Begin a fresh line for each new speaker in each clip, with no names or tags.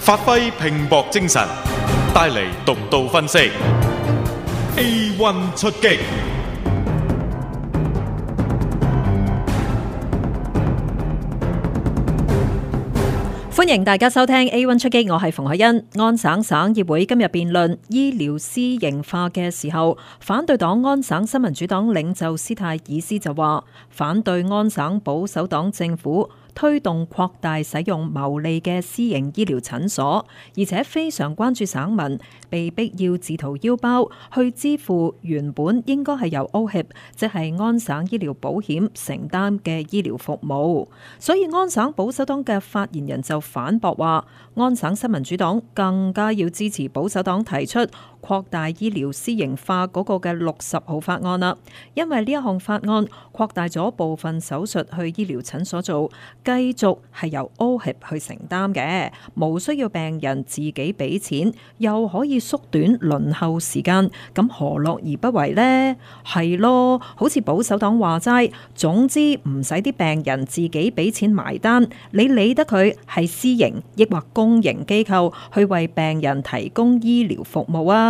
發揮拼搏精神，帶嚟獨到分析。A one 出擊，歡迎大家收聽 A one 出擊，我係馮海欣。安省省議會今日辯論醫療私營化嘅時候，反對黨安省新民主黨領袖斯泰爾斯就話，反對安省保守黨政府。推動擴大使用牟利嘅私營醫療診所，而且非常關注省民被逼要自掏腰包去支付原本應該係由 OHIP 即係安省醫療保險承擔嘅醫療服務。所以安省保守黨嘅發言人就反駁話：安省新民主黨更加要支持保守黨提出擴大醫療私營化嗰個嘅六十號法案啦，因為呢一項法案擴大咗部分手術去醫療診所做，繼續係由 O 協去承擔嘅，無需要病人自己俾錢，又可以縮短輪候時間，咁何樂而不為呢？係咯，好似保守黨話齋，總之唔使啲病人自己俾錢埋單，你理得佢係私營抑或公營機構去為病人提供醫療服務啊？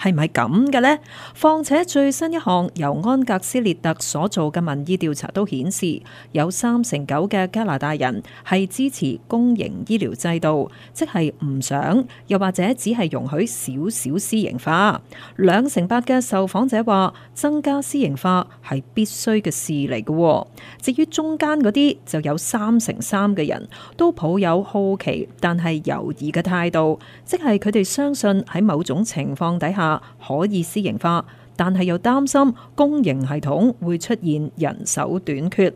係咪咁嘅呢？況且最新一項由安格斯列特所做嘅民意調查都顯示，有三成九嘅加拿大人係支持公營醫療制度，即係唔想，又或者只係容許少少私營化。兩成八嘅受訪者話，增加私營化係必須嘅事嚟嘅。至於中間嗰啲，就有三成三嘅人都抱有好奇但係猶豫嘅態度，即係佢哋相信喺某種情況底下，可以私營化，但係又擔心公營系統會出現人手短缺。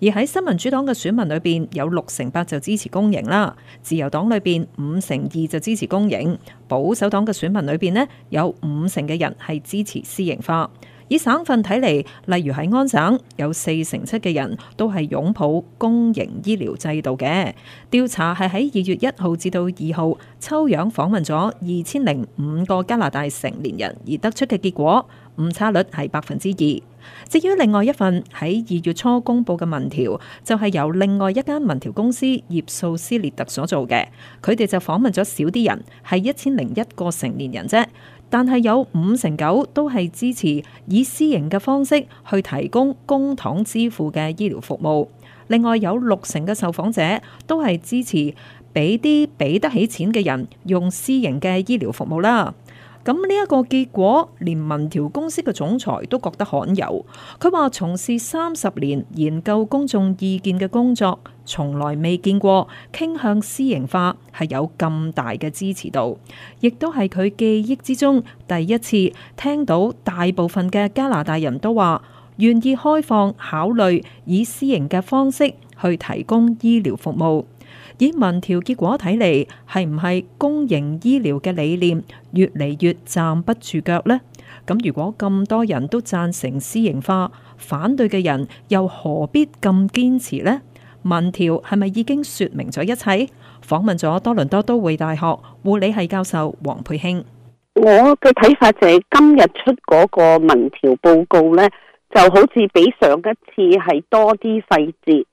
而喺新民主黨嘅選民裏邊，有六成八就支持公營啦。自由黨裏邊五成二就支持公營。保守黨嘅選民裏邊呢，有五成嘅人係支持私營化。以省份睇嚟，例如喺安省，有四成七嘅人都係擁抱公營醫療制度嘅。調查係喺二月一號至到二號抽樣訪問咗二千零五個加拿大成年人而得出嘅結果，誤差率係百分之二。至於另外一份喺二月初公布嘅民調，就係由另外一間民調公司葉素斯列特所做嘅，佢哋就訪問咗少啲人，係一千零一個成年人啫，但係有五成九都係支持以私營嘅方式去提供公帑支付嘅醫療服務，另外有六成嘅受訪者都係支持俾啲俾得起錢嘅人用私營嘅醫療服務啦。咁呢一個結果，連民調公司嘅總裁都覺得罕有。佢話：從事三十年研究公眾意見嘅工作，從來未見過傾向私營化係有咁大嘅支持度，亦都係佢記憶之中第一次聽到大部分嘅加拿大人都話願意開放考慮以私營嘅方式去提供醫療服務。以民調結果睇嚟，係唔係公營醫療嘅理念越嚟越站不住腳呢？咁如果咁多人都贊成私營化，反對嘅人又何必咁堅持呢？民調係咪已經說明咗一切？訪問咗多倫多都會大學護理系教授黃佩興。
我嘅睇法就係今日出嗰個民調報告呢，就好似比上一次係多啲細節。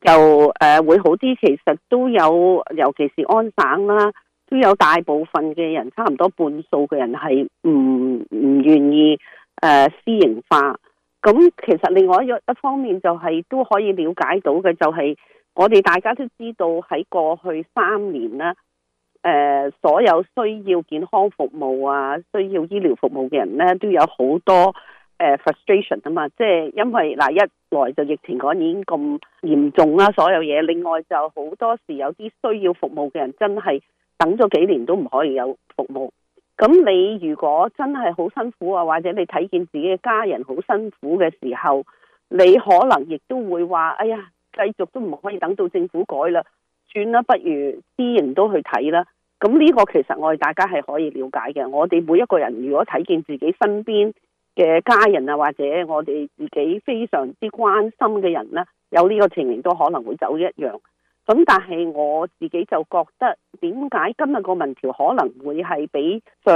就誒會好啲，其實都有，尤其是安省啦，都有大部分嘅人，差唔多半數嘅人係唔唔願意誒、呃、私營化。咁、嗯、其實另外一一方面就係、是、都可以了解到嘅、就是，就係我哋大家都知道喺過去三年啦，誒、呃、所有需要健康服務啊、需要醫療服務嘅人咧，都有好多。誒、uh，frustration 啊嘛，即係因為嗱，一來就疫情嗰年咁嚴重啦，所有嘢；另外就好多時有啲需要服務嘅人，真係等咗幾年都唔可以有服務。咁你如果真係好辛苦啊，或者你睇見自己嘅家人好辛苦嘅時候，你可能亦都會話：哎呀，繼續都唔可以等到政府改啦，算啦，不如私營都去睇啦。咁呢個其實我哋大家係可以了解嘅。我哋每一個人如果睇見自己身邊，嘅家人啊，或者我哋自己非常之關心嘅人咧，有呢個情形都可能會走一樣。咁但係我自己就覺得，點解今日個民調可能會係比上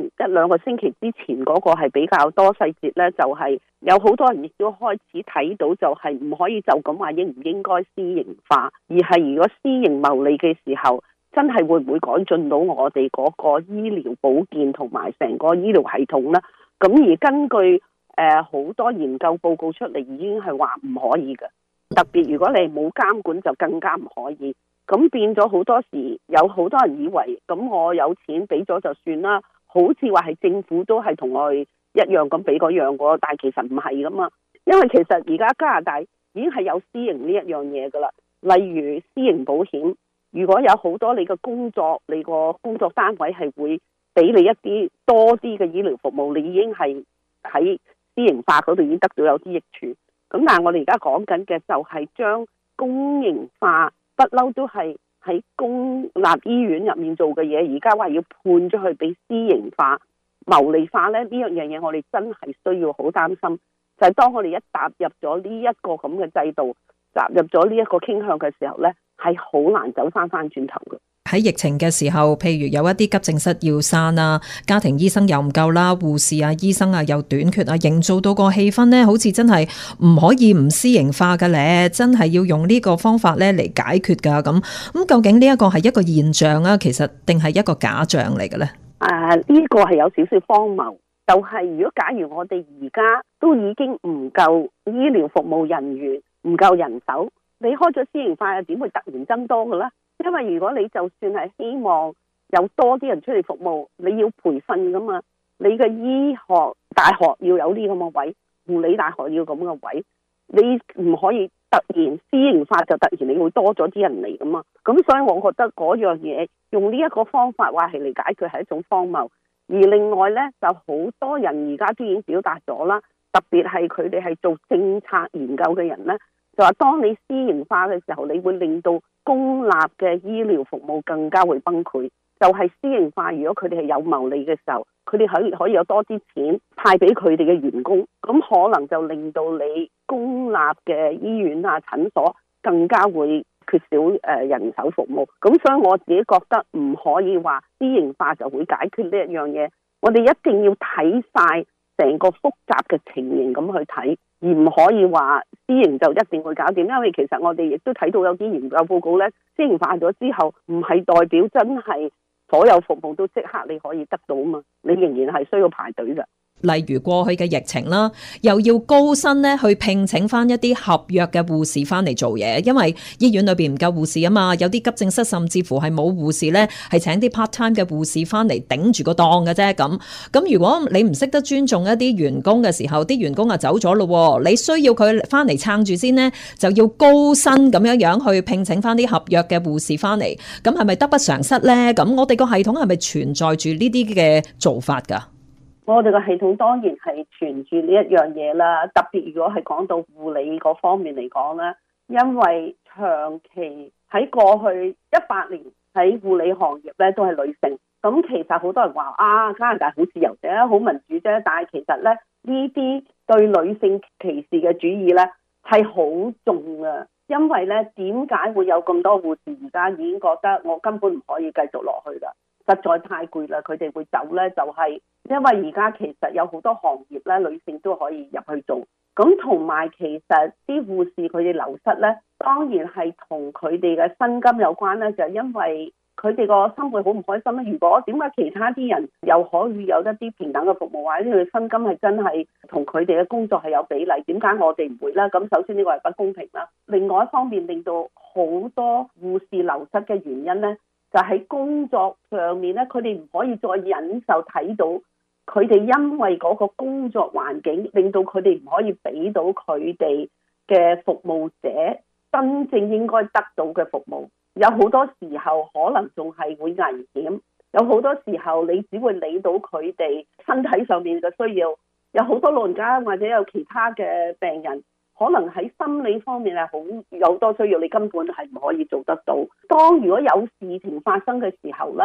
一兩個星期之前嗰個係比較多細節咧？就係、是、有好多人亦都開始睇到，就係唔可以就咁話應唔應該私營化，而係如果私營牟利嘅時候，真係會唔會改進到我哋嗰個醫療保健同埋成個醫療系統咧？咁而根據誒好多研究報告出嚟，已經係話唔可以嘅。特別如果你冇監管，就更加唔可以。咁變咗好多時，有好多人以為咁我有錢俾咗就算啦。好似話係政府都係同我一樣咁俾個樣我，但係其實唔係噶嘛。因為其實而家加拿大已經係有私營呢一樣嘢噶啦，例如私營保險。如果有好多你嘅工作，你個工作單位係會。俾你一啲多啲嘅醫療服務，你已經係喺私營化嗰度已經得到有啲益處。咁但係我哋而家講緊嘅就係將公營化，不嬲都係喺公立醫院入面做嘅嘢，而家話要判咗去俾私營化、牟利化咧，呢樣嘢我哋真係需要好擔心。就係、是、當我哋一踏入咗呢一個咁嘅制度，踏入咗呢一個傾向嘅時候咧，係好難走
翻翻轉頭嘅。喺疫情嘅時候，譬如有一啲急症室要閂啦，家庭醫生又唔夠啦，護士啊、醫生啊又短缺啊，營造到個氣氛呢，好似真係唔可以唔私營化嘅咧，真係要用呢個方法咧嚟解決噶咁。咁究竟呢一個係一個現象啊，其實定係一個假象嚟嘅呢？
啊，呢、呢個係有少少荒謬，就係、係、如果假如我哋而家都已經唔夠醫療服務人員，唔夠人手。你開咗私營化又點會突然增多嘅咧？因為如果你就算係希望有多啲人出嚟服務，你要培訓噶嘛？你嘅醫學大學要有啲咁嘅位，護理大學要咁嘅位，你唔可以突然私營化就突然你會多咗啲人嚟噶嘛？咁所以我覺得嗰樣嘢用呢一個方法話係嚟解決係一種荒謬。而另外咧，就好多人而家都已經表達咗啦，特別係佢哋係做政策研究嘅人咧。就話，當你私營化嘅時候，你會令到公立嘅醫療服務更加會崩潰。就係私營化，如果佢哋係有牟利嘅時候，佢哋可可以有多啲錢派俾佢哋嘅員工，咁可能就令到你公立嘅醫院啊、診所更加會缺少誒人手服務。咁所以我自己覺得唔可以話私營化就會解決呢一樣嘢。我哋一定要睇晒成個複雜嘅情形咁去睇。而唔可以話私營就一定會搞掂，因為其實我哋亦都睇到有啲研究報告咧，私營化咗之後，唔係代表真係所有服務都即刻你可以得到啊嘛，你仍
然係需要排隊㗎。例如過去嘅疫情啦，又要高薪咧去聘請翻一啲合約嘅護士翻嚟做嘢，因為醫院裏邊唔夠護士啊嘛，有啲急症室甚至乎係冇護士咧，係請啲 part time 嘅護士翻嚟頂住個檔嘅啫。咁咁如果你唔識得尊重一啲員工嘅時候，啲員工啊走咗咯，你需要佢翻嚟撐住先呢，就要高薪咁樣樣去聘請翻啲合約嘅護士翻嚟，咁係咪得不償失呢？咁我哋個系統係咪存在住呢啲嘅做法㗎？
我哋個系統當然係存住呢一樣嘢啦，特別如果係講到護理嗰方面嚟講咧，因為長期喺過去一八年喺護理行業咧都係女性，咁其實好多人話啊，加拿大好自由啫，好民主啫，但係其實咧呢啲對女性歧視嘅主義咧係好重啊。因為咧，點解會有咁多護士而家已經覺得我根本唔可以繼續落去啦？實在太攰啦！佢哋會走咧，就係因為而家其實有好多行業咧，女性都可以入去做。咁同埋其實啲護士佢哋流失咧，當然係同佢哋嘅薪金有關啦，就係因為。佢哋個心會好唔開心咧。如果點解其他啲人又可以有一啲平等嘅服務，或者佢嘅薪金係真係同佢哋嘅工作係有比例，點解我哋唔會咧？咁首先呢個係不公平啦。另外一方面，令到好多護士流失嘅原因呢，就喺、是、工作上面呢佢哋唔可以再忍受睇到佢哋因為嗰個工作環境，令到佢哋唔可以俾到佢哋嘅服務者真正應該得到嘅服務。有好多時候可能仲係會危險，有好多時候你只會理到佢哋身體上面嘅需要。有好多老人家或者有其他嘅病人，可能喺心理方面係好有多需要，你根本係唔可以做得到。當如果有事情發生嘅時候呢，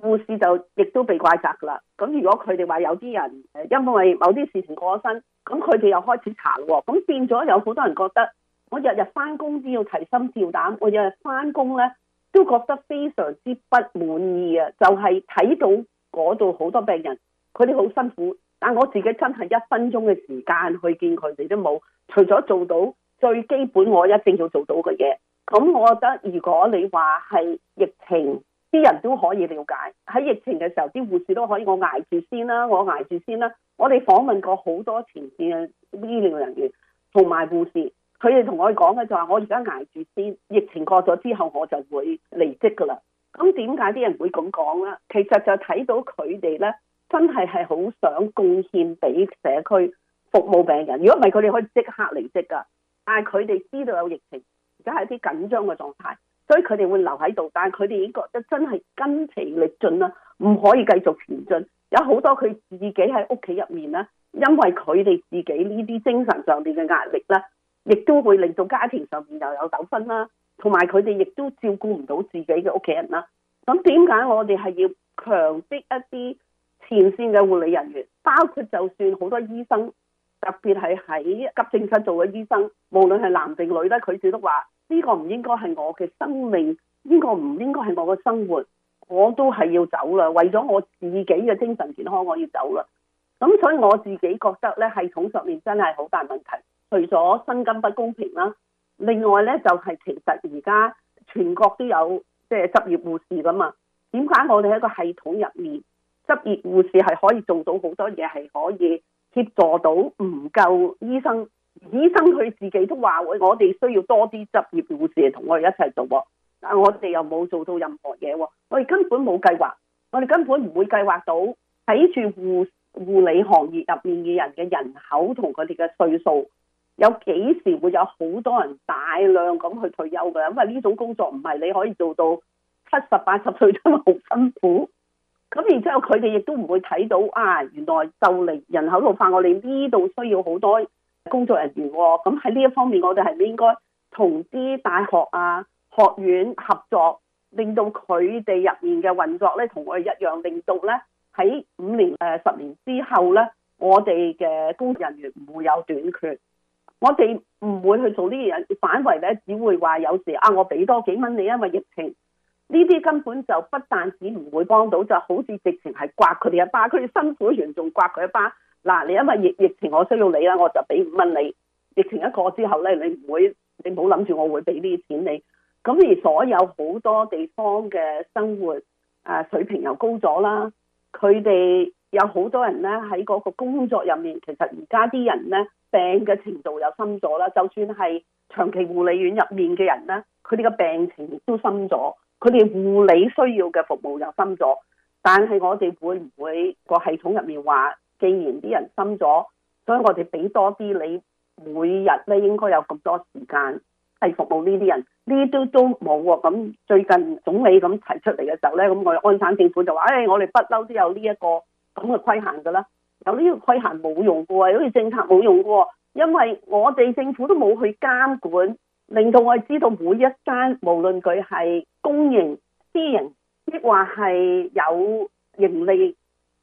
護士就亦都被怪責啦。咁如果佢哋話有啲人因為某啲事情過咗身，咁佢哋又開始查喎，咁變咗有好多人覺得。我日日返工都要提心吊膽，我日日返工咧都覺得非常之不滿意啊！就係、是、睇到嗰度好多病人，佢哋好辛苦，但我自己真係一分鐘嘅時間去見佢哋都冇，除咗做到最基本，我一定要做到嘅嘢。咁、嗯、我覺得，如果你話係疫情，啲人都可以了解喺疫情嘅時候，啲護士都可以。我捱住先啦，我捱住先啦。我哋訪問過好多前線嘅醫療人員同埋護士。佢哋同我講嘅就係我而家捱住先，疫情過咗之後我就會離職㗎啦。咁點解啲人會咁講咧？其實就睇到佢哋咧，真係係好想貢獻俾社區服務病人。如果唔係，佢哋可以即刻離職㗎。但係佢哋知道有疫情，而家係一啲緊張嘅狀態，所以佢哋會留喺度。但係佢哋已經覺得真係筋疲力盡啦，唔可以繼續前進。有好多佢自己喺屋企入面咧，因為佢哋自己呢啲精神上面嘅壓力咧。亦都會令到家庭上面又有糾紛啦，同埋佢哋亦都照顧唔到自己嘅屋企人啦。咁點解我哋係要強迫一啲前線嘅護理人員，包括就算好多醫生，特別係喺急症室做嘅醫生，無論係男定女咧，佢哋都話呢個唔應該係我嘅生命，呢個唔應該係我嘅生活，我都係要走啦。為咗我自己嘅精神健康，我要走啦。咁所以我自己覺得咧，系統上面真係好大問題。除咗薪金不公平啦，另外咧就係其實而家全國都有即係執業護士噶嘛？點解我哋喺個系統入面，執業護士係可以做到好多嘢，係可以協助到唔夠醫生。醫生佢自己都話會，我哋需要多啲執業護士嚟同我哋一齊做，但我哋又冇做到任何嘢，我哋根本冇計劃，我哋根本唔會計劃到睇住護護理行業入面嘅人嘅人、人口同佢哋嘅歲數。有幾時會有好多人大量咁去退休嘅？因為呢種工作唔係你可以做到七十八十歲，因為好辛苦。咁然之後，佢哋亦都唔會睇到啊！原來就嚟人口老化，我哋呢度需要好多工作人員喎。咁喺呢一方面，我哋係咪應該同啲大學啊、學院合作，令到佢哋入面嘅運作咧同我哋一樣，令到咧喺五年誒十年之後咧，我哋嘅工作人員唔會有短缺。我哋唔會去做呢樣嘢反為咧，只會話有時啊，我俾多幾蚊你，因為疫情呢啲根本就不但止唔會幫到，就好似直情係刮佢哋一巴，佢哋辛苦完仲刮佢一巴。嗱，啊，你因為疫疫情我需要你啦，我就俾五蚊你。疫情一過之後咧，你唔會，你冇諗住我會俾呢啲錢你。咁而所有好多地方嘅生活啊水平又高咗啦，佢哋有好多人咧喺嗰個工作入面，其實而家啲人咧。病嘅程度又深咗啦，就算係長期護理院入面嘅人咧，佢哋嘅病情亦都深咗，佢哋護理需要嘅服務又深咗。但係我哋會唔會個系統入面話既然啲人深咗，所以我哋俾多啲你每日咧應該有咁多時間係服務呢啲人？呢啲都都冇喎。咁最近總理咁提出嚟嘅時候咧，咁我哋安省政府就話誒、哎、我哋不嬲都有呢、這、一個咁嘅規限㗎啦。有呢個規限冇用㗎喎，好似政策冇用㗎喎，因為我哋政府都冇去監管，令到我哋知道每一間無論佢係公營、私營，亦或係有盈利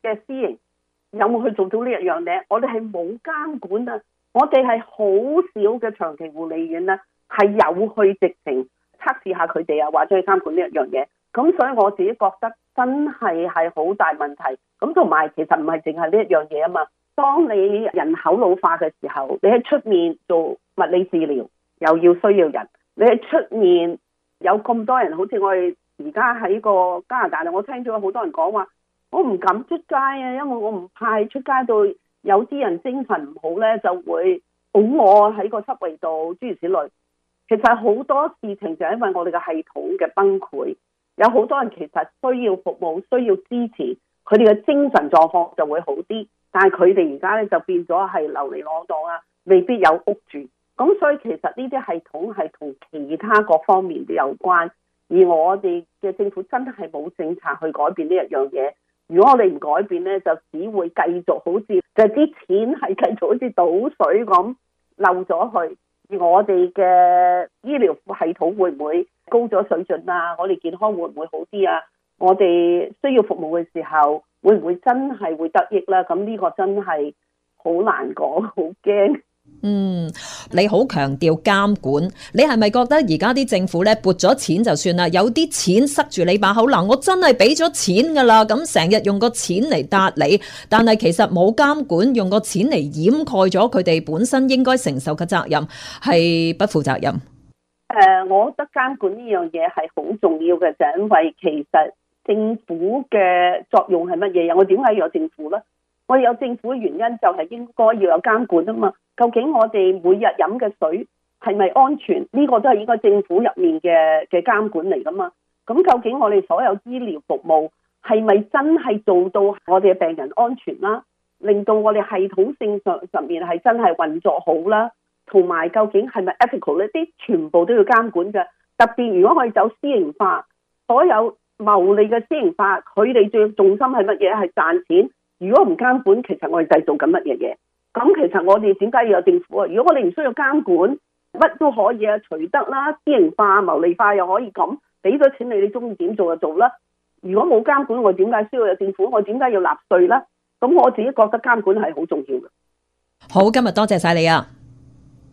嘅私營，有冇去做到呢一樣嘢，我哋係冇監管啊，我哋係好少嘅長期護理院咧係有去直情測試下佢哋啊，或者去監管呢一樣嘢。咁所以我自己覺得真係係好大問題。咁同埋其實唔係淨係呢一樣嘢啊嘛。當你人口老化嘅時候，你喺出面做物理治療又要需要人。你喺出面有咁多人，好似我哋而家喺個加拿大度，我聽咗好多人講話，我唔敢出街啊，因為我唔怕出街度有啲人精神唔好咧，就會㧬我喺個濕位度諸如此類。其實好多事情就係因為我哋嘅系統嘅崩潰。有好多人其實需要服務、需要支持，佢哋嘅精神狀況就會好啲。但係佢哋而家咧就變咗係流離浪蕩啊，未必有屋住。咁所以其實呢啲系統係同其他各方面都有關。而我哋嘅政府真係冇政策去改變呢一樣嘢。如果我哋唔改變呢，就只會繼續好似就係啲錢係繼續好似倒水咁漏咗去。而我哋嘅醫療系統會唔會？高咗水準啊！我哋健康會唔會好啲啊？我哋需要服務嘅時候，會唔會真係會得益啦，啊，咁呢個真係好難講，好驚。嗯，
你好強調監管，你係咪覺得而家啲政府咧撥咗錢就算啦？有啲錢塞住你把口嗱，我真係俾咗錢噶啦，咁成日用個錢嚟搭你，但係其實冇監管，用個錢嚟掩蓋咗佢哋本身應該承受嘅責任，係不負責任。
誒，我覺得監管呢樣嘢係好重要嘅，就因為其實政府嘅作用係乜嘢？我點解要有政府咧？我有政府嘅原因就係應該要有監管啊嘛。究竟我哋每日飲嘅水係咪安全？呢個都係應該政府入面嘅嘅監管嚟噶嘛。咁究竟我哋所有醫療服務係咪真係做到我哋嘅病人安全啦？令到我哋系統性上上面係真係運作好啦？同埋究竟係咪 ethical 呢？啲全部都要監管嘅，特別如果我哋走私營化，所有牟利嘅私營化，佢哋最重心係乜嘢？係賺錢。如果唔監管，其實我哋製造緊乜嘢嘢？咁其實我哋點解要有政府啊？如果我哋唔需要監管，乜都可以啊，除得啦，私營化、牟利化又可以咁，俾咗錢你，你中意點做就做啦。如果冇監管，我點解需要有政府？我點解要納稅咧？咁我自己覺得監管係好重要嘅。
好，今日多謝晒你啊！